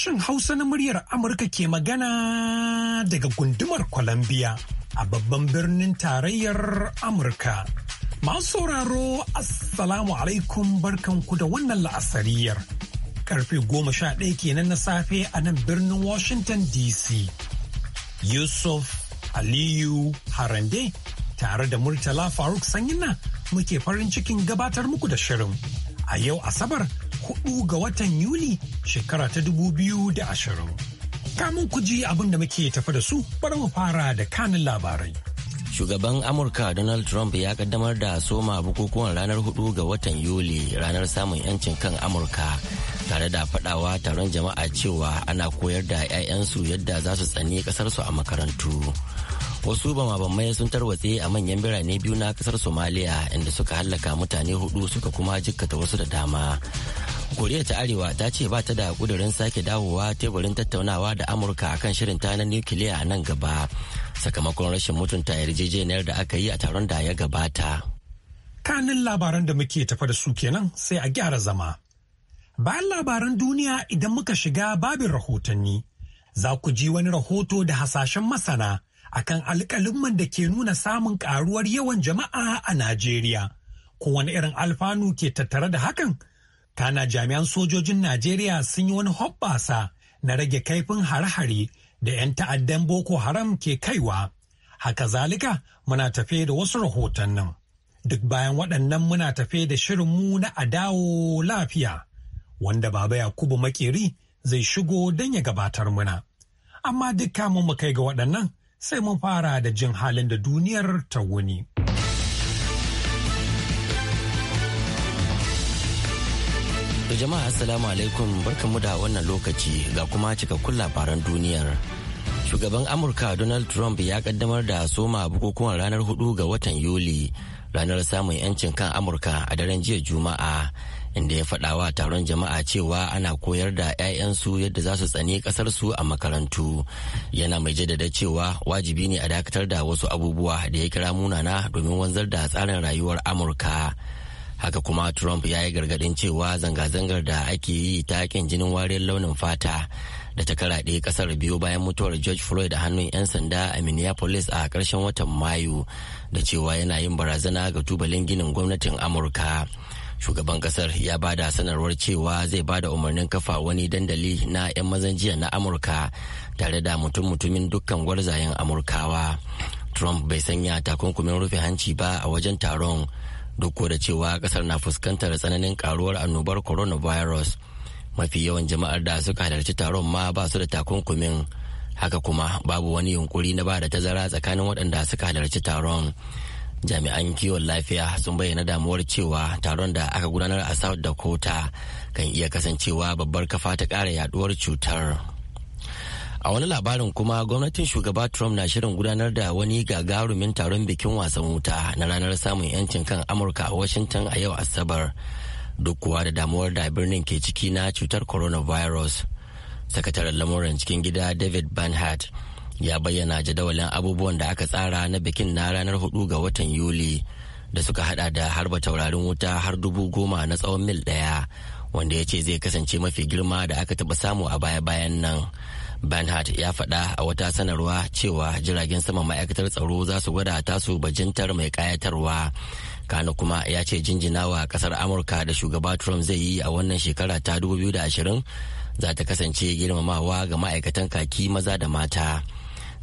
sashen Hausa na muryar Amurka ke magana daga gundumar Columbia a babban birnin tarayyar Amurka. Masu sauraro Assalamu alaikum barkanku da wannan la'asariyar. Karfe goma sha ɗaya kenan na safe a nan birnin Washington DC. Yusuf Aliyu Harande tare da Murtala Faruk Sanyina muke farin cikin gabatar muku da shirin. A yau Asabar Hudu ga watan Yuli shekara ta dubu biyu da ashirin Kamun ku ji abin da muke tafi da su bari mu fara da kanin labarai. Shugaban Amurka Donald Trump ya kaddamar da soma bukukuwan ranar hudu ga watan Yuli ranar samun 'yancin kan Amurka tare da fadawa taron jama'a cewa ana koyar da 'ya'yansu yadda za su tsani kasarsu a makarantu. wasu bamabamai sun tarwatse a manyan birane biyu na kasar somaliya inda suka hallaka mutane hudu suka kuma jikkata wasu da dama koriya ta arewa ta ce ba ta da kudurin sake dawowa teburin tattaunawa da amurka kan shirin ta na nukiliya a nan gaba sakamakon rashin mutunta yarjejeniyar da aka yi a taron da ya gabata kanin labaran da muke tafa da su kenan sai a gyara zama bayan labaran duniya idan muka shiga babin rahotanni za ku ji wani rahoto da hasashen masana akan alƙalin da ke nuna samun ƙaruwar yawan jama'a a najeriya wani irin alfanu ke tattare da hakan Kana jami'an sojojin Najeriya sun yi wani hoɓɓasa na rage kaifin hare-hare da 'yan ta'addan Boko Haram ke kaiwa. Haka zalika muna tafe da wasu rahoton nan. Duk bayan waɗannan muna tafe da shirin mu na adawo lafiya, wanda Baba Yakubu Makeri zai shigo don ya gabatar muna. Amma duk kamun mu kai ga waɗannan sai mun fara da jin halin da duniyar ta wuni. da jama'a assalamu alaikum barkanmu da wannan lokaci ga kuma cikakkun labaran duniyar. Shugaban Amurka Donald Trump ya kaddamar da soma bukukuwan ranar hudu ga watan Yuli ranar samun 'yancin kan Amurka a daren jiya Juma'a inda ya faɗawa taron jama'a cewa ana koyar da 'ya'yansu yadda za su tsani ƙasarsu a makarantu. Yana mai jaddada cewa wajibi ne a dakatar da wasu abubuwa da ya kira munana domin wanzar da tsarin rayuwar Amurka. haka kuma trump ya yi gargadin cewa zanga-zangar da ake yi ta yakin jinin wariyar launin fata da ta karaɗe kasar biyu bayan mutuwar george floyd a hannun 'yan sanda a minneapolis a ƙarshen watan mayu da cewa yana yin barazana ga tubalin ginin gwamnatin amurka shugaban kasar ya ba da sanarwar cewa zai ba da umarnin kafa wani dandali na 'yan mazan jiya na amurka tare da mutum-mutumin dukkan gwarzayen amurkawa trump bai sanya takunkumin rufe hanci ba a wajen taron duk da cewa kasar na fuskantar tsananin karuwar annobar coronavirus mafi yawan jama'ar da suka halarci taron ma ba su da takunkumin haka kuma babu wani yunkuri na ba da tazara tsakanin waɗanda suka halarci taron jami'an kiwon lafiya sun bayyana damuwar cewa taron da aka gudanar a south dakota kan iya kasancewa babbar kafa ta ƙara yaduwar cutar. a wani labarin kuma gwamnatin shugaba trump na shirin gudanar da wani gagarumin taron bikin wasan wuta na ranar samun 'yancin kan amurka a washington a yau asabar duk kuwa da damuwar da birnin ke ciki na cutar coronavirus sakataren lamuran cikin gida david banhart ya bayyana jadawalin abubuwan da aka tsara na bikin na ranar hudu ga watan yuli da suka hada da harba taurarin wuta har dubu goma na tsawon mil daya wanda ya ce zai kasance mafi girma da aka taba samu a baya-bayan nan Bernhard ya faɗa a wata sanarwa cewa jiragen sama ma'aikatar tsaro za su gwada tasu bajintar mai ƙayatarwa. Kano kuma ya ce jinjinawa ƙasar Amurka da shugaba Trump zai yi a wannan shekara ta 2020 za ta kasance girmamawa ga ma'aikatan kaki maza da mata.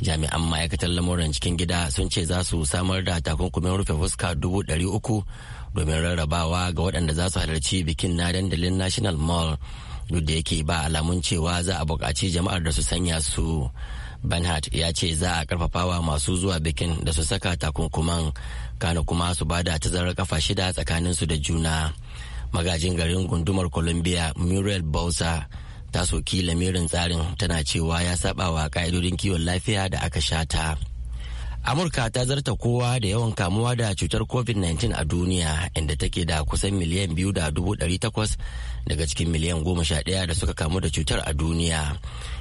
Jami'an ma'aikatan lamuran cikin gida sun ce za su samar da takunkumin rufe fuska dubu uku domin rarrabawa ga waɗanda za su halarci bikin na dandalin National Mall. duk da yake ba alamun cewa za a buƙaci jama'ar da su sanya su banhat ya ce za a karfafawa masu zuwa bikin da su saka takunkuman kano kuma su ba da tazarar kafa shida tsakanin su da juna magajin garin gundumar columbia muriel bausa ta soki lamirin tsarin tana cewa ya saba wa ka'idodin kiwon lafiya da aka shata. amurka ta zarta kowa da yawan kamuwa da cutar covid-19 a duniya inda take da kusan miliyan biyu da dubu ɗari takwas daga cikin miliyan goma sha ɗaya da suka kamu da cutar a duniya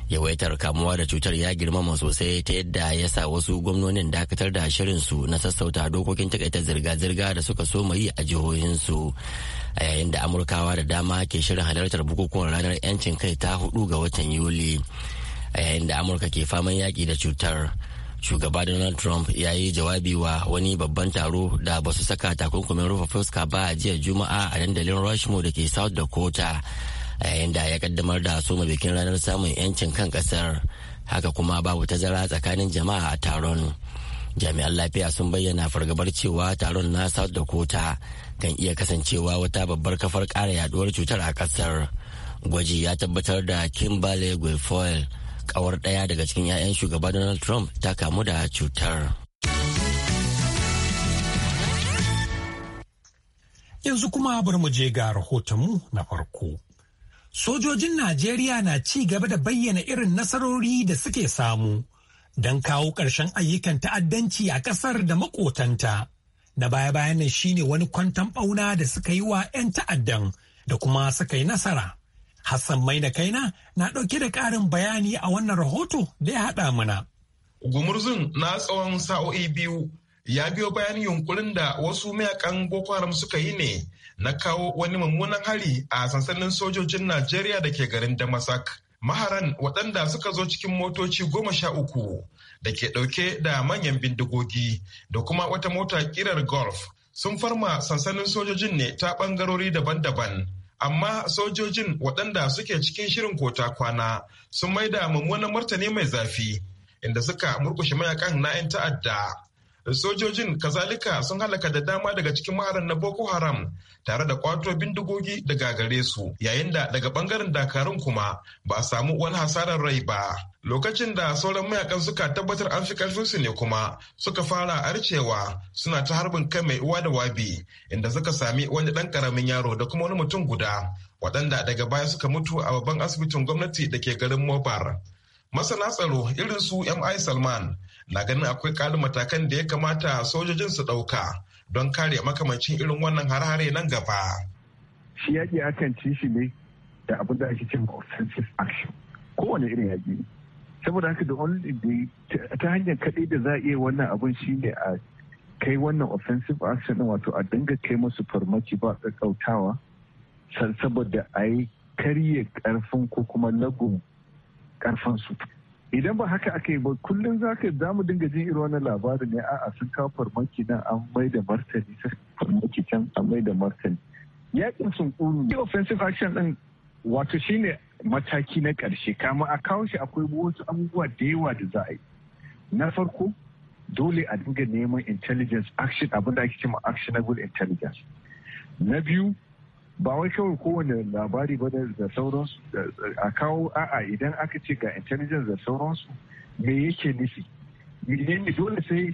yawaitar kamuwa da cutar ya girmama sosai ta yadda ya sa wasu gwamnonin dakatar da shirinsu na sassauta dokokin takaita zirga-zirga da suka so yi a jihohinsu a yayin da amurkawa da dama ke shirin halartar bukukuwan ranar 'yancin kai ta hudu ga watan yuli a yayin da amurka ke faman yaki da cutar shugaba donald trump ya yi jawabi wa wani babban taro da ba su saka takunkumin rufe fuska ba a jiya juma'a a dandalin rushmore da ke south dakota a yayin da ya kaddamar da soma bikin ranar samun 'yancin kan kasar haka kuma babu tazara tsakanin jama'a a taron jami'an lafiya sun bayyana fargabar cewa taron na south dakota kan iya kasancewa wata babbar kafar kara yaduwar cutar a kasar gwaji ya tabbatar da kimberley guilfoyle kawar ɗaya daga cikin 'ya'yan shugaba donald trump ta kamu da cutar yanzu kuma bari mu je ga rahotonmu na farko sojojin najeriya na ci gaba da bayyana irin nasarori da suke samu don kawo ƙarshen ayyukan ta'addanci a ƙasar da makotanta na baya-bayan nan shine wani kwantan ɓauna da suka yi wa 'yan ta'addan da kuma suka yi nasara Hassan mai da kaina na ɗauke da ƙarin bayani a wannan rahoto da ya haɗa mana. Gumurzun na tsawon sa'o'i biyu ya biyo bayan yunkurin da wasu mayakan Boko Haram suka yi ne na kawo wani mummunan hari a sansanin sojojin Najeriya da ke garin Damasak. Maharan waɗanda suka zo cikin motoci goma sha uku da ke ɗauke da manyan bindigogi da kuma wata mota kirar golf sun farma sansanin sojojin ne ta ɓangarori daban-daban amma sojojin waɗanda suke cikin shirin kota kwana sun maida mummunan martani mai zafi inda suka murkushe mayakan na 'yan ta'adda sojojin kazalika sun halaka da dama daga cikin maharan na boko haram tare da kwato bindigogi daga gare su yayin da daga bangaren dakarun kuma ba a samu wani hasarar rai ba lokacin da sauran mayakan suka tabbatar an fi su ne kuma suka fara arcewa suna ta harbin kai mai uwa da wabi inda suka sami wani dan karamin yaro da kuma wani mutum guda waɗanda daga baya suka mutu a babban asibitin gwamnati da ke garin mobar masana tsaro irin su mi salman na ganin akwai kalin matakan da ya kamata sojojin su ɗauka don kare makamancin irin wannan harare nan gaba. Shi yaƙi akan ci shi ne da abin da ake cin offensive action kowane irin yaƙi saboda haka da ta hanyar kaɗai da za a iya wannan abin shi ne a kai wannan offensive action wato a dinga kai masu farmaki ba ƙaƙƙautawa saboda a yi karye ƙarfin ko kuma lagun ƙarfin su idan ba haka aka yi ba kullum za ka za mu dinga jin irin wannan labarin ne a'a sun kawo farmaki nan an mai da martani sun farmaki can an mai da martani yakin sun kuru the offensive action din wato shine mataki na karshe kama a kawo shi akwai wasu abubuwa da yawa da za a yi na farko dole a dinga neman intelligence action abin da ake cewa actionable intelligence na biyu ba wai kawai kowane labari ba da sauransu a kawo a'a idan aka ce ga intelligence da sauransu me yake nufi menene dole sai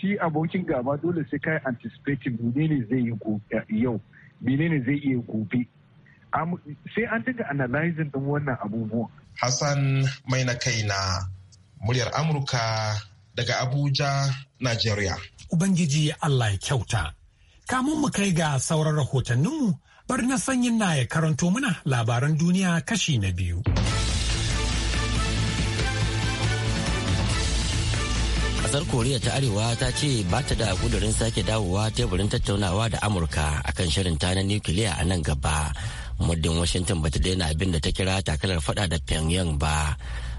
shi abokin gaba dole sai kai anticipating menene zai yi eh, yau menene zai iya gobe sai an dinga analyzing din wannan abubuwan hassan mai na kai na muryar amurka daga abuja nigeria ubangiji allah ya kyauta kamun mu kai ga sauran rahotanninmu bar na sanyin na ya karanto muna labaran duniya kashi na biyu. Kasar Koriya ta Arewa ta ce ba ta da kudurin sake dawowa teburin tattaunawa da Amurka akan shirin ta na nukiliya a nan gaba. Muddin Washington ba ta daina abin da ta kira takalar fada da Pyongyang ba.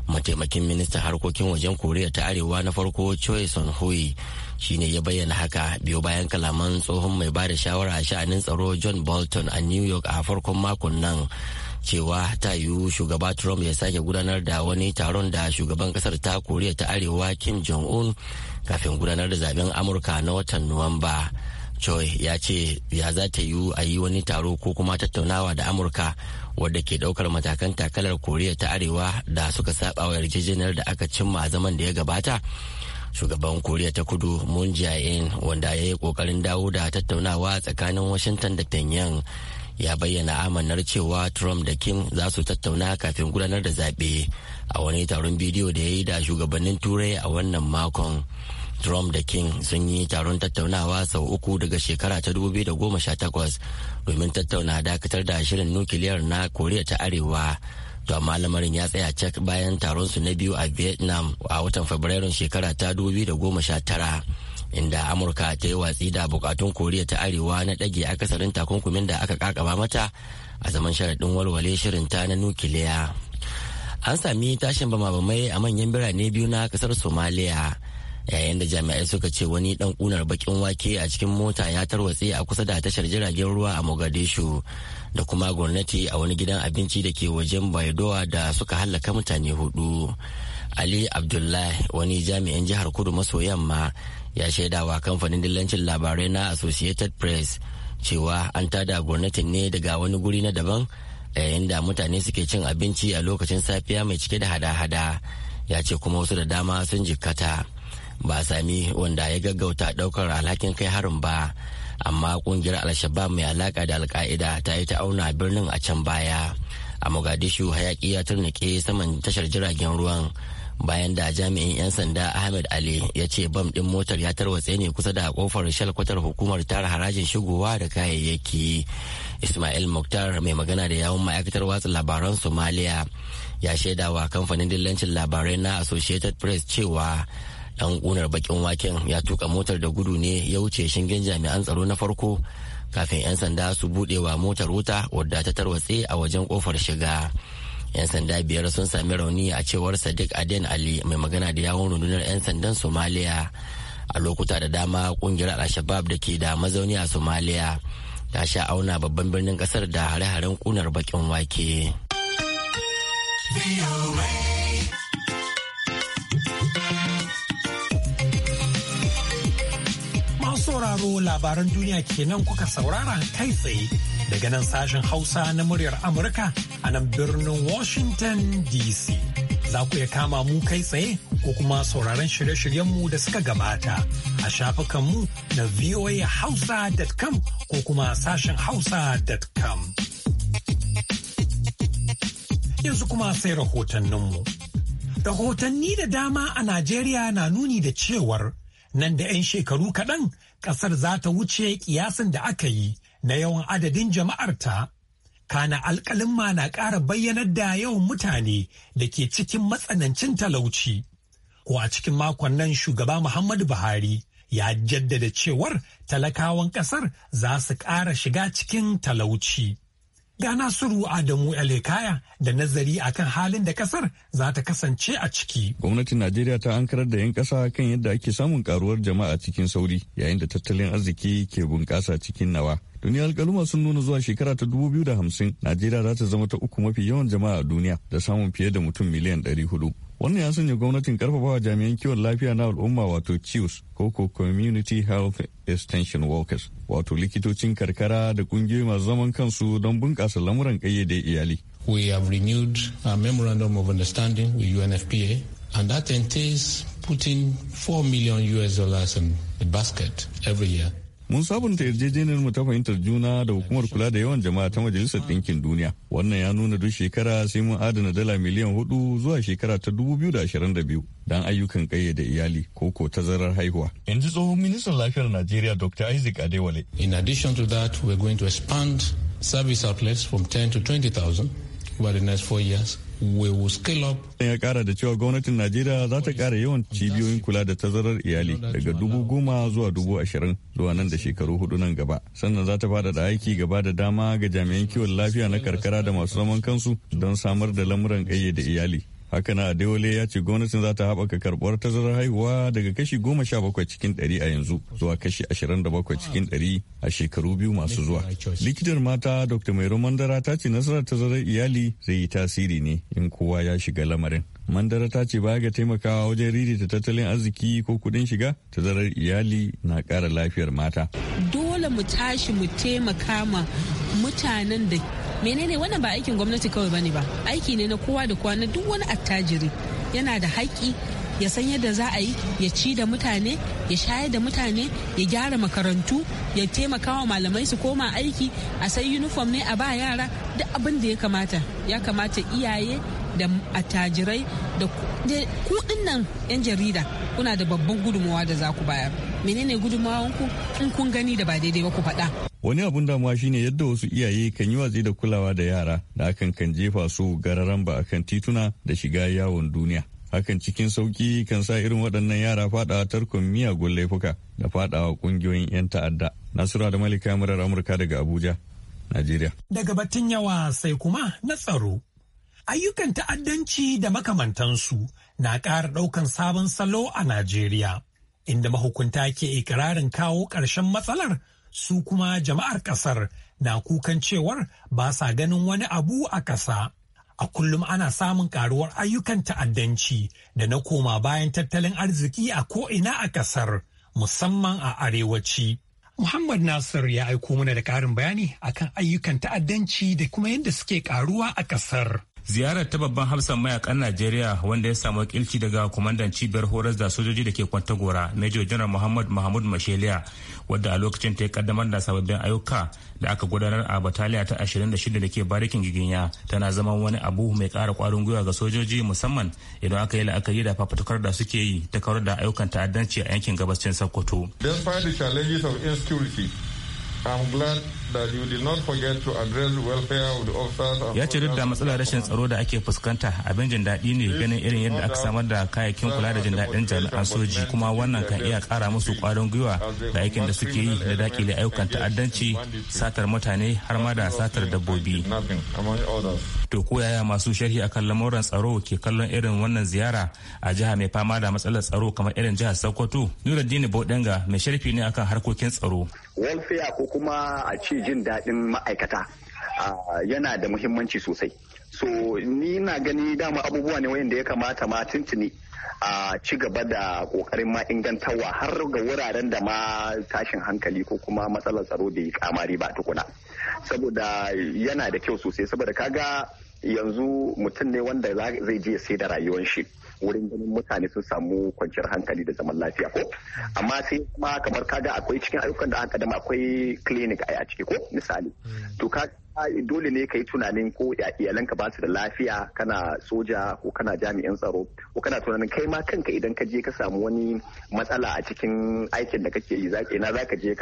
mataimakin ministan harkokin wajen koriya ta arewa na farko choi son hui shine ya bayyana haka biyo bayan kalaman tsohon mai bada shawara a sha'anin tsaro john bolton a new york a farkon makon nan cewa ta yiwu shugaba trump ya sake gudanar da wani taron da shugaban kasar ta koriya ta arewa kim jong-un kafin gudanar da zaben amurka na watan nuwamba. choi ya ce ya za ta yiwu a yi wani taro ko kuma tattaunawa da amurka wadda ke daukar matakan takalar koriya ta arewa da suka saba wa yarjejeniyar da aka cimma a zaman da ya gabata shugaban koriya ta kudu moon jae-in wanda ya yi kokarin dawo da tattaunawa tsakanin washington da pyongyang ya bayyana amanar cewa trump da kim za su tattauna kafin gudanar da zaɓe a wani taron bidiyo da ya yi da shugabannin turai a wannan makon. Trump da King sun yi taron tattaunawa sau uku daga shekara ta 2018 domin tattauna dakatar da shirin nukiliyar na Koriya ta Arewa. To amma lamarin ya tsaya cak bayan taron su na biyu a Vietnam a watan Fabrairun shekara ta 2019 inda Amurka ta yi watsi da bukatun Koriya ta Arewa na ɗage akasarin takunkumin da aka kakaba mata a zaman sharaɗin walwale shirin ta na nukiliya. An sami tashin bama-bamai a manyan birane biyu na ƙasar Somalia. yayin da jami'ai suka ce wani dan kunar bakin wake a cikin mota ya tarwatse a kusa da tashar jiragen ruwa a mogadishu da kuma gwamnati a wani gidan abinci da ke wajen baidowa da suka hallaka mutane hudu ali abdullahi wani jami'in jihar kudu maso yamma ya shaidawa kamfanin dillancin labarai na associated press cewa an tada gwamnatin ne daga wani guri na daban yayin da mutane suke cin abinci a lokacin safiya mai cike da hada-hada ya ce kuma wasu da dama sun jikkata. ba a sami wanda ya gaggauta daukar alhakin kai harin ba amma kungiyar alshabab mai alaka da alka'ida ta yi ta auna birnin a can baya a mogadishu hayaki ya turnike saman tashar jiragen ruwan bayan da jami'in 'yan sanda ahmed ali ya ce bam din motar ya tarwatse ne kusa da kofar shalkwatar hukumar tara harajin shigowa da kayayyaki ismail muktar mai magana da yawun ma'aikatar watsa labaran somalia ya shaidawa kamfanin dillancin labarai na associated press cewa dan kunar bakin waken ya tuka motar da gudu ne ya wuce shingen jami'an tsaro na farko kafin 'yan sanda su buɗe wa motar wuta wadda ta tarwatse a wajen kofar shiga 'yan sanda biyar sun sami rauni a cewar sadiq aden ali mai magana da yawon rundunar 'yan sandan somaliya a lokuta da dama kungiyar al da ke da mazauni a somaliya ta sha auna babban birnin kasar da hare-haren kunar bakin wake. sauraro labaran duniya kenan kuka saurara kai tsaye daga nan sashen Hausa na muryar Amurka a nan birnin Washington DC. Za ku iya kama mu kai tsaye ko kuma sauraron shirye-shiryenmu da suka gabata a shafukanmu na voahausa.com ko kuma sashen hausa.com. Yanzu kuma sai rahotanninmu. Rahotanni da dama a Najeriya na nuni da cewar nan da 'yan shekaru kaɗan Kasar za ta wuce kiyasin da aka yi na yawan adadin jama'arta. Kana ma na ƙara bayyanar da yawan mutane da ke cikin matsanancin talauci. Ko a cikin makon nan shugaba Muhammadu Buhari ya jaddada cewar talakawan ƙasar za su ƙara shiga cikin talauci. da Nasiru Adamu Alekaya da nazari akan halin da kasar za ta kasance a ciki. Gwamnatin Najeriya ta ankarar da 'yan ƙasa kan yadda ake samun karuwar jama'a cikin sauri yayin da tattalin arziki ke bunƙasa cikin nawa. Duniyar alkaluma sun nuna zuwa shekara ta dubu da hamsin Najeriya za ta zama ta uku mafi yawan jama'a a duniya da samun fiye da mutum miliyan 400. wannan ya sanya gwamnatin karfafawa jami'an kiwon lafiya na al'umma wato cius ko ko community health extension workers wato likitocin karkara da kungiyoyi masu zaman kansu don bunƙasa lamuran ƙayyade iyali we have renewed a memorandum of understanding with unfpa and that entails putting 4 million us dollars in the basket every year mun sabunta yarjejeniyar mu ta fahimtar juna da hukumar kula da yawan jama'a ta majalisar ɗinkin duniya wannan ya nuna duk shekara sai mun adana dala miliyan hudu zuwa shekara ta dubu biyu da da ashirin biyu don ayyukan kayyade iyali ko ko tazarar haihuwa yanzu tsohon ministan lafiyar najeriya dr isaac adewale in addition to that we're going to expand service outlets from 10 to 20000 over Foyas Ya kara da cewa gwamnatin Najeriya za ta kara yawan cibiyoyin kula da tazarar iyali daga dubu goma zuwa dubu ashirin zuwa nan da shekaru hudu nan gaba. Sannan za ta fada da aiki gaba da dama ga jami'an kiwon lafiya na karkara da masu zaman kansu don samar da lamuran da iyali. haka na adewale ya ce gwamnatin za ta haɓaka karɓar tazarar haihuwa daga kashi goma sha bakwai cikin ɗari a yanzu zuwa kashi ashirin da bakwai cikin ɗari a shekaru biyu masu zuwa likitar mata dr mairo mandara ta ce nasarar tazarar iyali zai yi tasiri ne in kowa ya shiga lamarin mandara ta ce baya ga taimakawa wajen ririta tattalin arziki ko kuɗin shiga tazarar iyali na ƙara lafiyar mata dole mu tashi mu taimaka ma mutanen da menene wannan ba aikin gwamnati kawai bane ba aiki ne na kowa da kowa na duk wani attajiri yana da haƙƙi ya san yadda za a yi ya ci da mutane ya shayar da mutane ya gyara makarantu ya taimaka wa malamai su koma aiki a sai uniform ne a ba yara duk abin da ya kamata ya kamata iyaye da attajirai da kuɗin nan 'yan jarida kuna da babban gudunmawa da za ku bayar menene gudunmawanku in kun gani da ba daidai ba ku faɗa wani abun damuwa shine yadda wasu iyaye kan yi watsi da kulawa da yara da akan kan jefa su gararan ba akan tituna da shiga yawon duniya hakan cikin sauki kan sa irin waɗannan yara faɗawa tarkon miyagun laifuka da faɗawa ƙungiyoyin 'yan ta'adda nasura da malika murar amurka daga abuja najeriya daga batun yawa sai kuma na tsaro ayyukan ta'addanci da makamantansu na ƙara ɗaukan sabon salo a Najeriya, inda mahukunta ke ikirarin kawo ƙarshen matsalar su kuma jama'ar ƙasar na kukan cewar ba sa ganin wani abu a ƙasa. A kullum ana samun ƙaruwar ayyukan ta'addanci da na koma bayan tattalin arziki a ko'ina a ƙasar, musamman a arewaci. Muhammad Nasir ya aiko mana da ƙarin bayani akan ayyukan ta'addanci da kuma yadda suke ƙaruwa a ƙasar. ziyarar ta babban hafsan mayakan najeriya wanda ya samu kilci daga kwamandan cibiyar horar da sojoji da ke kwantagora major general muhammad mahmud mashelia wadda a lokacin ta ya kaddamar da sababbin ayyuka da aka gudanar a bataliya ta 26 da ke barikin giginya tana zama wani abu mai kara kwarin gwiwa ga sojoji musamman idan aka yi la'akari da fafutukar da suke yi ta kawar da ayyukan ta'addanci a yankin gabashin sokoto. despite the challenges of insecurity i'm glad ya ce duk da matsalar rashin tsaro da ake fuskanta abin jin daɗi ne ganin irin yadda aka samar da kayayyakin kula da jin daɗin jami'an soji kuma wannan kan iya kara musu ƙwarin gwiwa da aikin da suke yi da dakile ayyukan ta'addanci satar mutane har ma da satar dabbobi to ko yaya masu sharhi akan lamuran tsaro ke kallon irin wannan ziyara a jiha mai fama da matsalar tsaro kamar irin jihar sokoto nuruddin bodenga mai sharfi ne akan harkokin tsaro welfare ko kuma a ce jin daɗin ma'aikata ah, yana da muhimmanci sosai so ni na gani dama abubuwa ne wayanda ya kamata ma tuntuni a ci gaba da kokarin ma ingantawa har ga wuraren da ma tashin hankali ko kuma matsalar tsaro da kamari ba tukuna saboda yana da kyau sosai saboda kaga yanzu mutum ne wanda zai je sai da rayuwar shi wurin ganin mutane sun samu kwanciyar hankali da zaman lafiya ko amma sai kuma kamar kaga akwai cikin ayyukan da aka dama akwai clinic a ciki ko misali hmm. to ka dole ne ka yi tunanin ko iyalanka ba su da lafiya kana soja ko kana jami'in tsaro ko kana tunanin kai ma kanka idan ka je ka samu wani matsala a cikin aikin da kake yi ina za ka je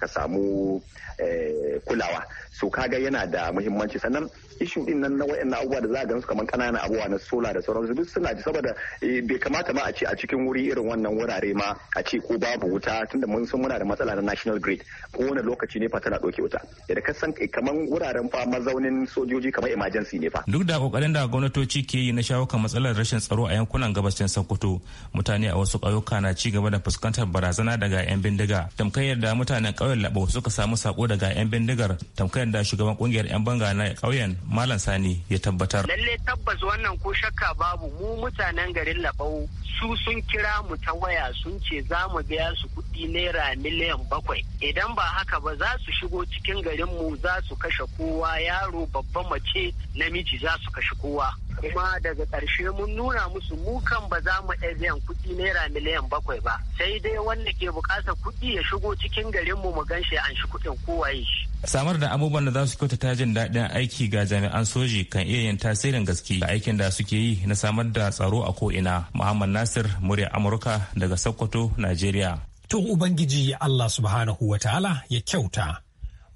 ka samu eh, kulawa so kaga yana da muhimmanci sannan ishu din nan na wayannan abubuwa da za a gansu kamar kananan abubuwa na sola da sauransu duk suna ji saboda eh, bai kamata ma a ce a cikin wuri irin wannan wurare ma a ce ko babu wuta tunda mun san muna da matsala na national grid ko wani lokaci ne fa tana ɗauke wuta da ka san eh, kamar wuraren don fa mazaunin sojoji kamar emergency ne fa. Duk da kokarin da gwamnatoci ke yi na shawo kan matsalar rashin tsaro a yankunan gabashin Sokoto, mutane a wasu ƙauyuka na ci gaba da fuskantar barazana daga 'yan bindiga. Tamkayar da mutanen ƙauyen Labo suka samu sako daga 'yan bindigar, tamkayar da shugaban kungiyar 'yan banga na ƙauyen Malam Sani ya tabbatar. Lalle tabbas wannan ko shakka babu mu mutanen garin Labo su sun kira mu ta waya sun ce za mu biya su kuɗi naira miliyan bakwai. Idan ba haka ba za su shigo cikin garinmu za su kashe ko kowa yaro babba mace namiji za su kashe kowa kuma daga ƙarshe mun nuna musu mu kan ba za mu biyan kuɗi naira miliyan bakwai ba sai dai wanda ke buƙatar kuɗi ya shigo cikin garin mu gan shi an shi kuɗin kowa kowaye shi. samar da abubuwan da za su kyautata jin daɗin aiki ga jami'an soji kan iya yin tasirin gaske ga aikin da suke yi na samar da tsaro a ko'ina muhammad nasir murya amurka daga sokoto najeriya to ubangiji allah subhanahu wa ta'ala ya kyauta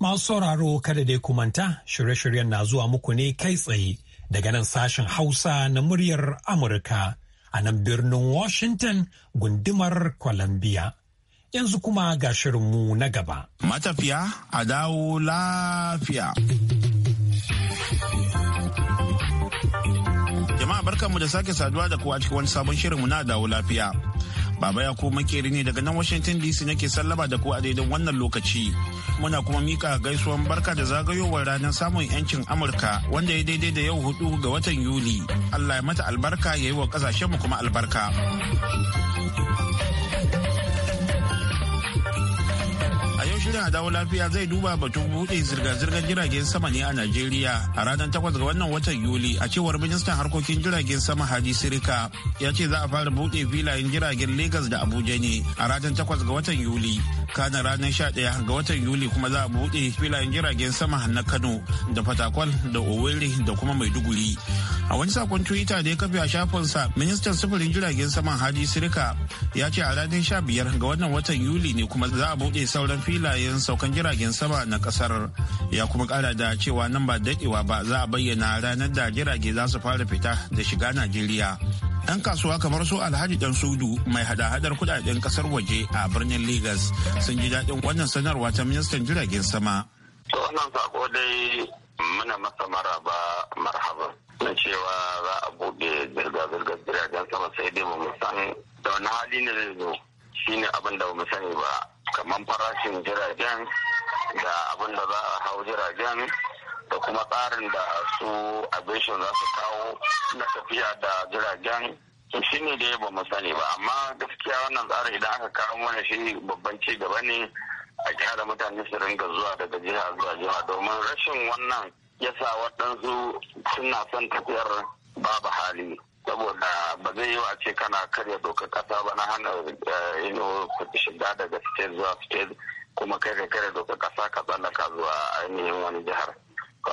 Masu sauraro kada dai ku manta shirye-shiryen na zuwa muku ne kai tsaye daga nan sashen Hausa na muryar Amurka a nan birnin Washington gundumar Columbia. Yanzu kuma ga mu na gaba. Matafiya a dawo lafiya. Jama'a barkanmu da sake saduwa da kowa cikin wani sabon shirinmu na dawo lafiya. Baba ya ko makeri ne daga nan Washington DC nake sallaba da ku a daidan wannan lokaci. Muna kuma mika gaisuwan barka da zagayowar ranar samun 'yancin Amurka wanda ya daidai da yau hudu ga watan Yuli. Allah ya mata albarka ya yi wa kasashenmu kuma albarka. shirin dawo lafiya zai duba batun buɗe zirga-zirgar jiragen sama ne a Najeriya a ranar takwas ga wannan watan Yuli a cewar ministan harkokin jiragen sama Hadi Sirika ya ce za a fara buɗe filayen jiragen Legas da Abuja ne a ranar takwas ga watan Yuli. Kana ranar sha ɗaya ga watan Yuli kuma za a buɗe filayen jiragen sama na Kano da Fatakwal da Owerri da kuma Maiduguri. a wani sakon twitter da ya kafe a shafinsa ministan sufurin jiragen saman hadi sirika ya ce a ranar sha biyar ga wannan watan yuli ne kuma za a buɗe sauran filayen saukan jiragen sama na kasar ya kuma kara da cewa nan ba daɗewa ba za a bayyana ranar da jirage za su fara fita da shiga najeriya ɗan kasuwa kamar su alhaji dan sudu mai hada-hadar kudaden kasar waje a birnin lagos sun ji daɗin wannan sanarwa ta ministan jiragen sama. wannan sako dai muna masa maraba marhaba na cewa za a buɗe zirga-zirgar jiragen sama sai dai ba mu san da wani hali ne zai zo Shi ne abin da mu sani ba kamar farashin jiragen da abin da za a hau jiragen da kuma tsarin da su aviation za su kawo na tafiya da jiragen to shi ne dai ba mu sani ba amma gaskiya wannan tsarin idan aka kawo mana shi babban ci gaba ne a kyara mutane su ringa zuwa daga jiha zuwa jiha domin rashin wannan ya sa waɗansu suna son tafiyar babu hali saboda ba zai yi wace ce kana karya dokar ƙasa ba na hana ino eh, shiga daga state zuwa state kuma kai karya dokar ƙasa ka tsallaka zuwa ainihin wani jihar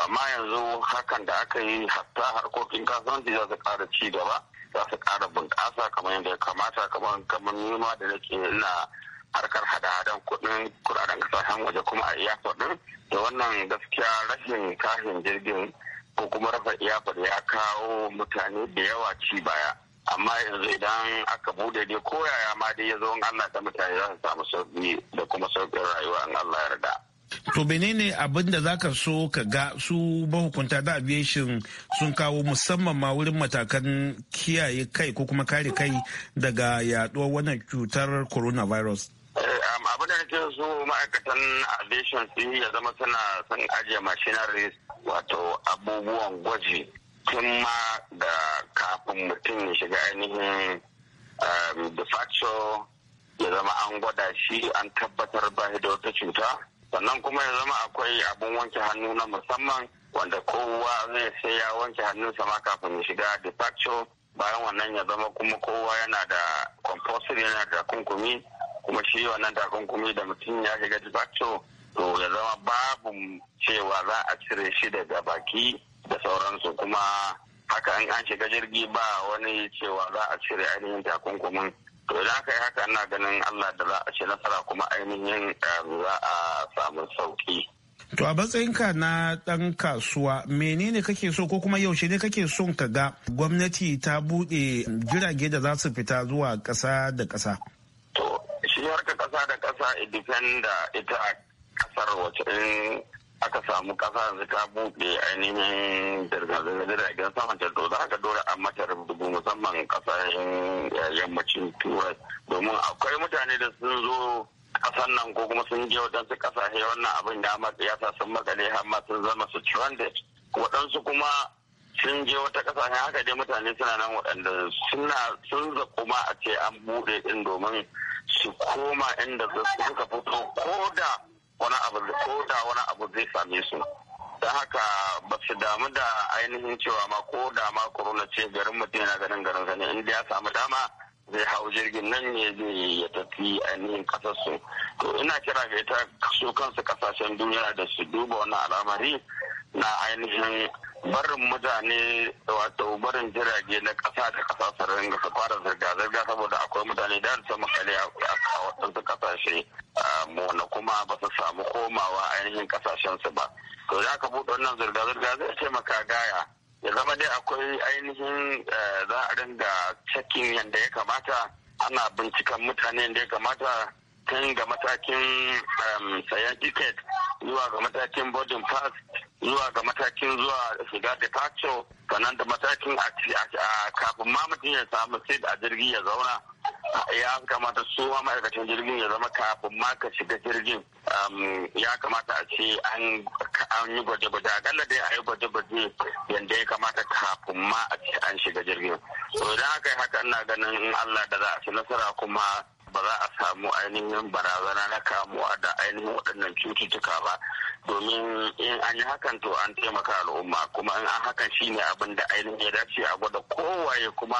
amma yanzu hakan da aka yi hatta harkokin kasuwanci za su ƙara ci gaba za su ƙara bunƙasa kamar yadda ya kamata kamar kamar nima da nake ina harkar hada-hadan kuɗin kuɗaɗen kasashen waje kuma a iya kuɗin da wannan gaskiya rashin kashin jirgin ko kuma rafa iyakar ya kawo mutane da yawa ci baya amma yanzu idan aka bude ne ko yaya ma dai ya zo in Allah da mutane za su samu sauki da kuma sauƙin rayuwa in Allah yarda. To menene abin da zaka so ka ga su mahukunta da aviation sun kawo musamman ma wurin matakan kiyaye kai ko kuma kare kai daga yaduwar wannan cutar coronavirus? Eh, abin da nake so ma'aikatan aviation sun ya zama suna sun ajiye machineries wato abubuwan gwaji tun ma da kafin mutum ya shiga ainihin um, de facto ya zama an gwada shi an tabbatar ba da wata cuta sannan kuma ya zama akwai abin wanke hannu na musamman wanda kowa zai sai ya wanke hannunsa ma kafin ya shiga de facto bayan wannan ya zama kuma kowa yana da compulsory yana da kunkumi kuma shi wannan takunkumi da mutum ya shiga de facto to ya zama babu cewa za a cire shi daga baki da sauransu kuma haka in an shiga jirgi ba wani cewa za a cire ainihin takunkumin to idan aka yi haka ana ganin allah da za a ci nasara kuma ainihin eh, za a samu sauki To a matsayinka na ɗan kasuwa menene kake so ko kuma yaushe ne kake son ka ga gwamnati ta buɗe jirage da za su fita zuwa ƙasa da ƙasa? rayuwar ta ƙasa da ƙasa idifen da ita ƙasar wace in aka samu ƙasa da ta buɗe ainihin zirga-zirga jiragen saman ta to za ka a mata rubutu musamman ƙasashen yammacin turai domin akwai mutane da sun zo kasan nan ko kuma sun je waɗansu ƙasashe wannan abin ya sa sun makale har ma sun zama su waɗansu kuma sun je wata ƙasa ne haka dai mutane suna nan waɗanda suna sun kuma a ce an buɗe ɗin domin su koma inda suka fito ko da wani abu ko da wani abu zai same su da haka ba su damu da ainihin cewa ma ko da ma corona ce garin mutum yana ganin garin sani inda ya samu dama zai hau jirgin nan ne zai ya tafi ainihin kasar su to ina kira ga ita su kansu kasashen duniya da su duba wannan al'amari na ainihin barin mutane wato barin jirage na ƙasa da ƙasa su ringa su fara zirga-zirga saboda akwai mutane da su makale a waɗansu ƙasashe na kuma ba su samu komawa ainihin ƙasashensu ba to za ka buɗe wannan zirga-zirga zai taimaka gaya ya zama dai akwai ainihin eh, za a ringa cikin yadda ya kamata ana binciken mutane da ya kamata tun ga matakin sayan ticket, zuwa ga matakin boarding pass zuwa ga matakin zuwa shiga da tacho sannan da matakin a kafin ma mutum ya samu sai a jirgin ya zauna ya kamata su ma ma'aikacin jirgin ya zama kafin ma ka shiga jirgin ya kamata a ce an yi gwaje-gwaje akalla dai a yi gwaje-gwaje yadda ya kamata kafin ma a ce an shiga jirgin to idan aka yi haka ina ganin allah da za a ci nasara kuma ba za a samu ainihin barazana na kamuwa da ainihin waɗannan cututtuka ba domin in an yi hakan to an taimaka al'umma kuma in an hakan shine abin da ainihin ya dace a gwada kowaye kuma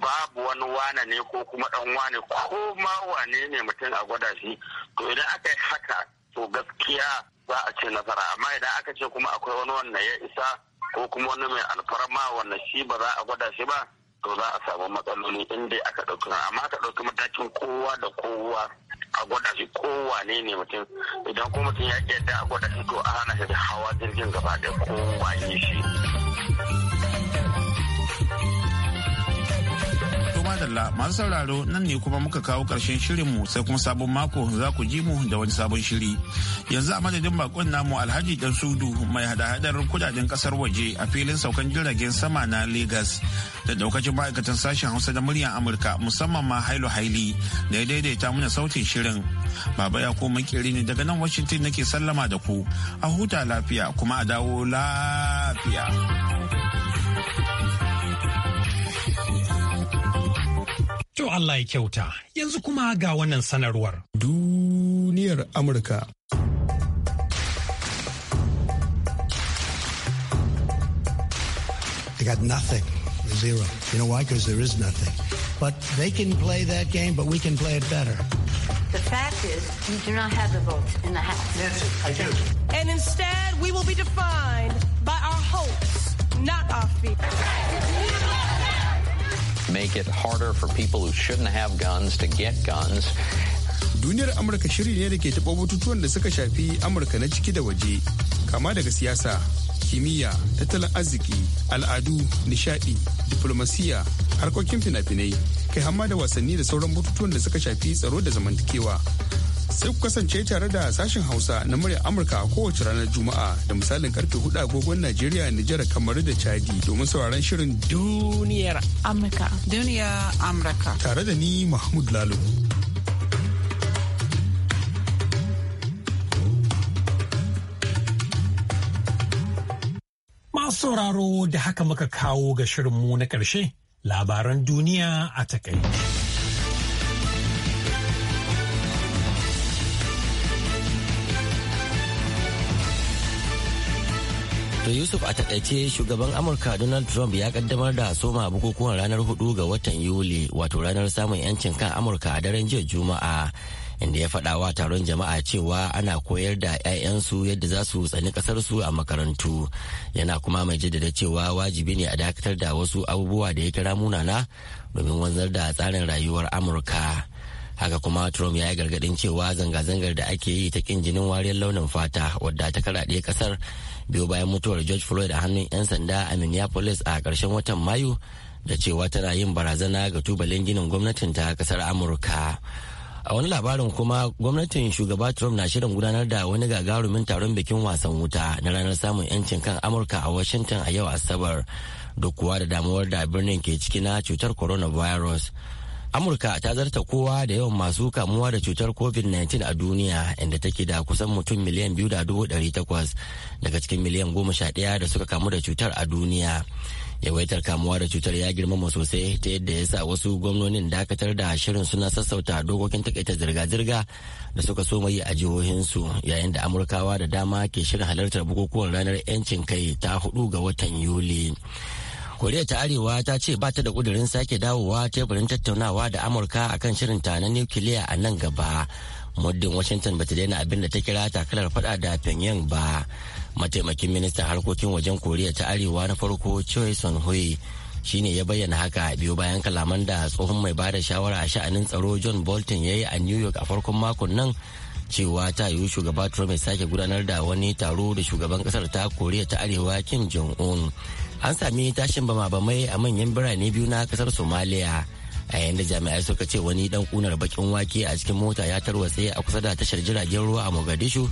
babu wani wane ne ko kuma dan wane ko ma wane ne mutum a gwada shi to idan aka yi haka to gaskiya za a ce nasara amma idan aka ce kuma akwai wani wanda ya isa ko kuma wani mai alfarma wannan shi ba za a gwada shi ba to za a samu matsaloli in dai aka ɗauki amma aka ɗauki matakin kowa da kowa a gwada shi kowa ne ne mutum idan kuma mutum ya ƙi yadda a gwada shi to a hana shi hawa jirgin gaba da kowa shi. madalla masu sauraro nan ne kuma muka kawo karshen shirinmu sai kuma sabon mako za ku ji mu da wani sabon shiri. Yanzu a madadin bakon namu Alhaji Dan Sudu mai hada-hadar kudaden kasar waje a filin saukan jiragen sama na Lagos da daukacin ma'aikatan sashen Hausa da muryar Amurka musamman ma Hailu Haili da ya daidaita mana sautin shirin. Baba ya ko makeri ne daga nan Washington nake sallama da ku. A huta lafiya kuma a dawo lafiya. Allah ya kyauta, yanzu kuma ga wannan sanarwar. Duniyar Amurka. They got nothing, zero. You know why? Because there is nothing. But they can play that game, but we can play it better. The fact is, you do not have the votes in the House. Yes, I do. And instead, we will be defined by our hopes, not our fears. make it harder for people who shouldn't have guns to get guns. Duniyar Amurka shiri ne da ke taɓa batutuwan da suka shafi Amurka na ciki da waje, kama daga siyasa, kimiyya, tattalin arziki, al'adu, nishadi, diplomasiya, harkokin fina-finai, kai hamma da wasanni da sauran batutuwan da suka shafi tsaro da zamantakewa. sai ku kasance tare da sashen hausa na murya amurka a kowace ranar juma'a da misalin karfe hudu agogon najeriya nijar kamar da chadi domin sauraron shirin duniyar amurka duniya amurka tare da ni mahmud lalo masu sauraro da haka muka kawo ga shirinmu na ƙarshe labaran duniya a takaice. Dr. Yusuf a takaice shugaban Amurka Donald Trump ya kaddamar da soma bukukuwan ranar hudu ga watan Yuli wato ranar samun 'yancin kan Amurka a daren jiya Juma'a. Inda ya faɗa wa taron jama'a cewa ana koyar da 'ya'yansu yadda za su tsani ƙasarsu a makarantu. Yana kuma mai jaddada cewa wajibi ne a dakatar da wasu abubuwa da ya kira munana domin wanzar da tsarin rayuwar Amurka. haka kuma trump ya yi gargadin cewa zanga-zangar da ake yi ta kin jinin wariyar launin fata wadda ta karaɗe kasar biyo bayan mutuwar george floyd a hannun 'yan sanda a minneapolis a ƙarshen watan mayu da cewa tana yin barazana ga tubalin ginin gwamnatin ta kasar amurka a wani labarin kuma gwamnatin shugaba trump na shirin gudanar da wani gagarumin taron bikin wasan wuta na ranar samun yancin kan amurka a washington a yau asabar duk kuwa da damuwar da birnin ke ciki na cutar coronavirus amurka ta zarta kowa da yawan masu kamuwa da cutar covid-19 a duniya inda take da kusan mutum miliyan 2.8 daga cikin miliyan goma da suka kamu da cutar a duniya yawaitar kamuwa da cutar ya girmama sosai ta yadda ya sa wasu gwamnonin dakatar da shirin suna sassauta dokokin takaita zirga-zirga da suka soma yi a jihohinsu yayin da amurkawa da dama ke shirin halartar bukukuwan ranar 'yancin kai ta hudu ga watan yuli koriya ta arewa ta ce ba ta da kudirin sake dawowa teburin tattaunawa da amurka akan ta na nukiliya a nan gaba muddin washington ba ta daina abin da ta kira takalar fada da pyongyang ba mataimakin ministan harkokin wajen koriya ta arewa na farko choi son hui ne ya bayyana haka biyu bayan kalaman da tsohon mai bada shawara a sha'anin tsaro john bolton ya yi a new york a farkon makon nan cewa ta yiwu shugaba trump ya sake gudanar da wani taro da shugaban kasar ta koriya ta arewa kim jong-un an sami tashin bama-bamai a manyan birane biyu na kasar somaliya a yayin da jami'ai suka ce wani dan kunar bakin wake a cikin mota ya tarwatse a kusa da tashar jiragen ruwa a mogadishu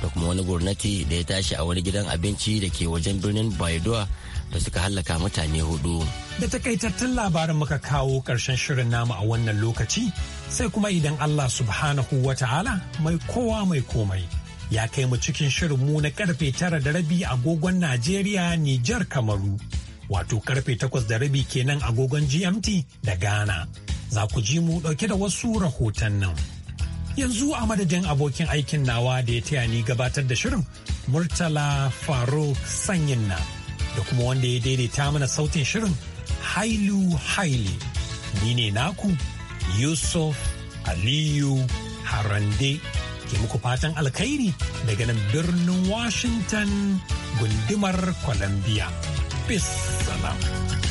da kuma wani gwamnati da ya tashi a wani gidan abinci da ke wajen birnin baidoa da suka hallaka mutane hudu. Da takaitattun labarin muka kawo karshen shirin namu a wannan lokaci sai kuma idan Allah subhanahu wa ta'ala mai kowa mai komai ya kai mu cikin shirin mu na karfe tara da rabi agogon Najeriya, Nijar, Kamaru. Wato karfe takwas da rabi kenan agogon GMT da Ghana. Za ku ji mu ɗauke da wasu rahoton nan. Yanzu a madadin abokin aikin nawa da ya taya ni gabatar da shirin Murtala Faruk Sanyin na da kuma wanda ya daidaita mana sautin shirin Hailu Haile. Ni ne naku Yusuf Aliyu Harande. ke muku fatan alkhairi daga nan birnin Washington gundumar Columbia. Peace salam.